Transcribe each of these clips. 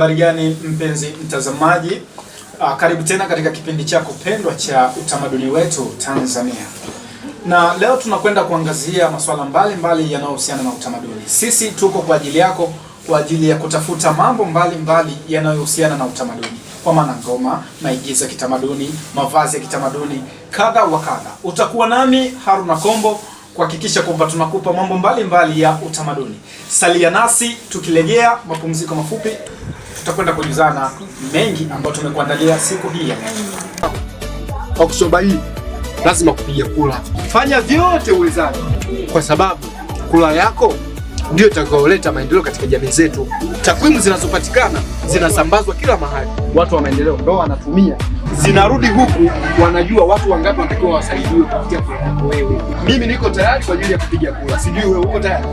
Habari gani mpenzi mtazamaji? Uh, karibu tena katika kipindi chako pendwa cha utamaduni wetu Tanzania, na leo tunakwenda kuangazia masuala mbalimbali yanayohusiana na utamaduni. Sisi tuko kwa ajili yako kwa ajili ya kutafuta mambo mbalimbali yanayohusiana na utamaduni, kwa maana ngoma, maigizo ya kitamaduni, mavazi ya kitamaduni kadha wa kadha. Utakuwa nami Haruna Kombo kuhakikisha kwamba tunakupa mambo mbalimbali ya utamaduni. Salia nasi, tukilegea mapumziko mafupi tutakwenda kujuzana mengi ambayo tumekuandalia siku hii ya leo. Oktoba hii lazima kupiga kula. Fanya vyote uwezavyo, kwa sababu kula yako ndio itakayoleta maendeleo katika jamii zetu. Takwimu zinazopatikana zinasambazwa kila mahali, watu wa maendeleo ndio wanatumia, zinarudi huku, wanajua watu wangapi wanatakiwa wasaidiwe kupitia kula wewe. Mimi niko tayari kwa ajili ya kupiga kula, sijui wewe uko tayari?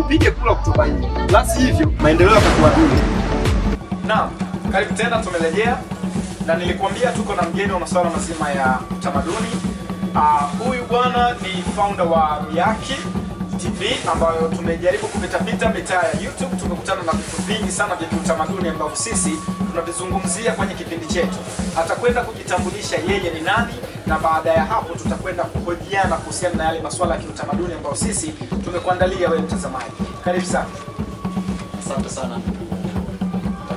Upige kula Oktoba hii, la sivyo maendeleo yatakuwa duni. Naam, karibu tena, tumelejea na nilikuambia tuko na mgeni wa masuala mazima ya utamaduni. Uh, huyu bwana ni founder wa miaki TV ambayo tumejaribu kupitapita mitaa ya YouTube, tumekutana na vitu vingi sana vya kiutamaduni ambavyo sisi tunavizungumzia kwenye kipindi chetu. Atakwenda kujitambulisha yeye ni nani, na baada ya hapo tutakwenda kuhojiana kuhusiana na yale masuala ya kiutamaduni ambayo sisi tumekuandalia wewe mtazamaji. Karibu sana. Asante sana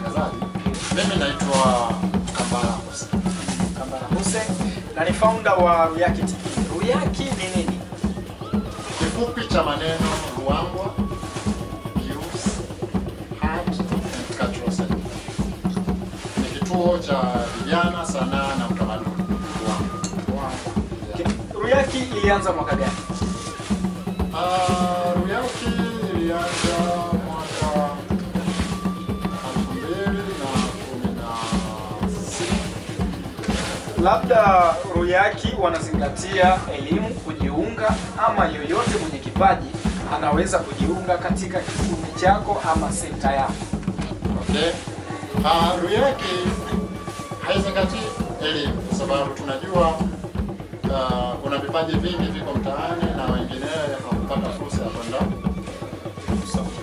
tafadhali. Mimi naitwa Kambala Hussein. Kambala Hussein na ni founder wa Ruyaki TV. Ruyaki ni nini? Kifupi cha maneno Ruangwa Youth Art Cultural Center. Ni kituo cha vijana, sanaa na utamaduni. Ruyaki ilianza mwaka gani? Ah, labda RUYAKI wanazingatia elimu, kujiunga, ama yoyote mwenye kipaji anaweza kujiunga katika kikundi chako ama sekta yako. Okay. Uh, RUYAKI haizingatii elimu kwa sababu tunajua uh, kuna vipaji vingi viko mtaani na wengine hawakupata fursa ya kwenda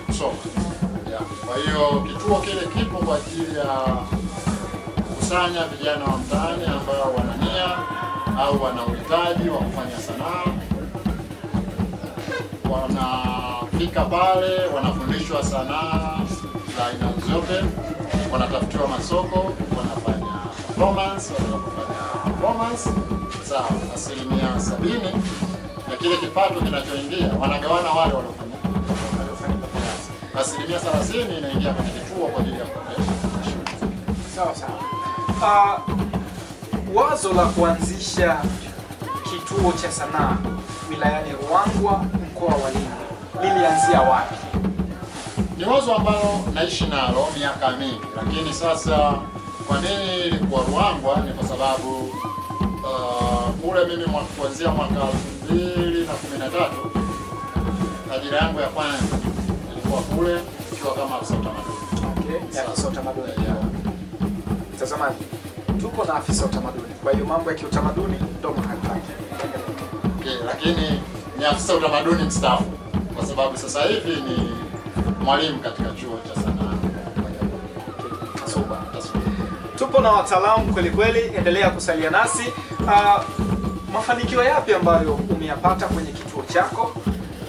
kusoma. Kwa hiyo kituo kile kipo kwa ajili ya kukusanya vijana wa mtaani ambao wana nia au wana uhitaji wa kufanya sanaa. Wanafika pale, wanafundishwa sanaa za aina zote, wanatafutiwa masoko, wanafanya performance. Wanafanya performance asilimia sabini na kile kipato kinachoingia wanagawana wale waliofanya asilimia thelathini inaingia kwenye kituo kwa ajili ya sawa sawa Uh, wazo la kuanzisha kituo cha sanaa wilayani Ruangwa mkoa wa Lindi lilianzia wapi? Ni wazo ambalo naishi nalo miaka mingi, lakini sasa kwa nini ilikuwa Ruangwa? Ni kwa sababu uh, mimi kuanzia mwaka 2013 ajira yangu ya kwanza ilikuwa kule ikiwa kama afisa utamaduni. Okay. Mtazamaji, tuko na afisa utamaduni, kwa hiyo mambo ya kiutamaduni ndo mahali pake. Okay, lakini ni afisa utamaduni mstaafu, kwa sababu sasa hivi ni mwalimu katika chuo cha sanaa. Tupo na wataalamu kweli kweli, endelea kusalia nasi. Uh, mafanikio yapi ambayo umeyapata kwenye kituo chako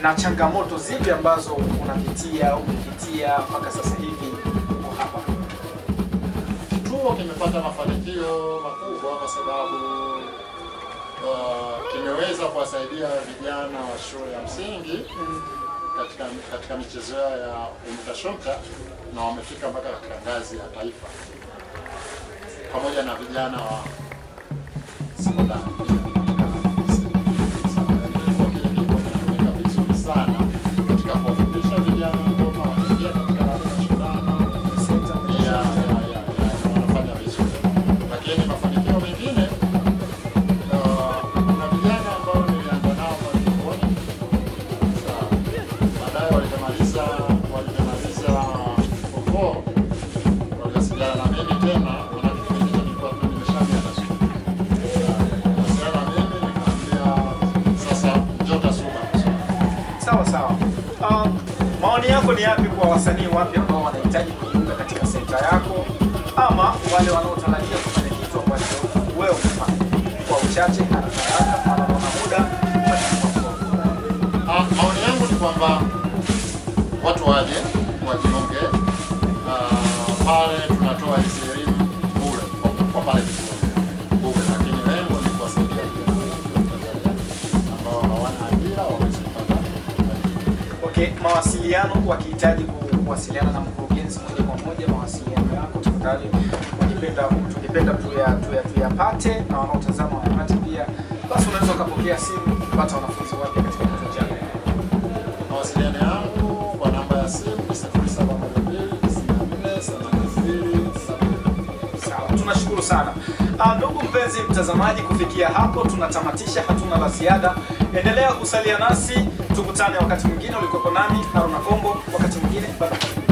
na changamoto zipi ambazo unapitia umepitia mpaka sasa hivi? kituo kimepata mafanikio makubwa kwa sababu uh, kimeweza kuwasaidia vijana wa shule ya msingi katika, katika michezo yao ya UMTASHUMTA na wamefika mpaka katika ngazi ya taifa pamoja na vijana wa sekondari. yako ni yapi kwa wasanii wapya ambao wanahitaji kujiunga katika sekta yako, ama wale wanaotarajia kufanya kitu ambacho wewe umefanya kwa uchache, haraka haraka, ama kwa muda? Ah, maoni yangu ni kwamba watu waje mawasiliano, wakihitaji kuwasiliana na mkurugenzi moja kwa moja, mawasiliano yako tafadhali, tungependa tuyapate na wanaotazama wayapate pia. Basi unaweza ukapokea simu kupata wanafunzi wapya. Ah, ndugu mpenzi mtazamaji, kufikia hapo tunatamatisha, hatuna la ziada. Endelea kusalia nasi, tukutane wakati mwingine. Ulikuwepo nami Haruna Kombo, wakati mwingine, baba.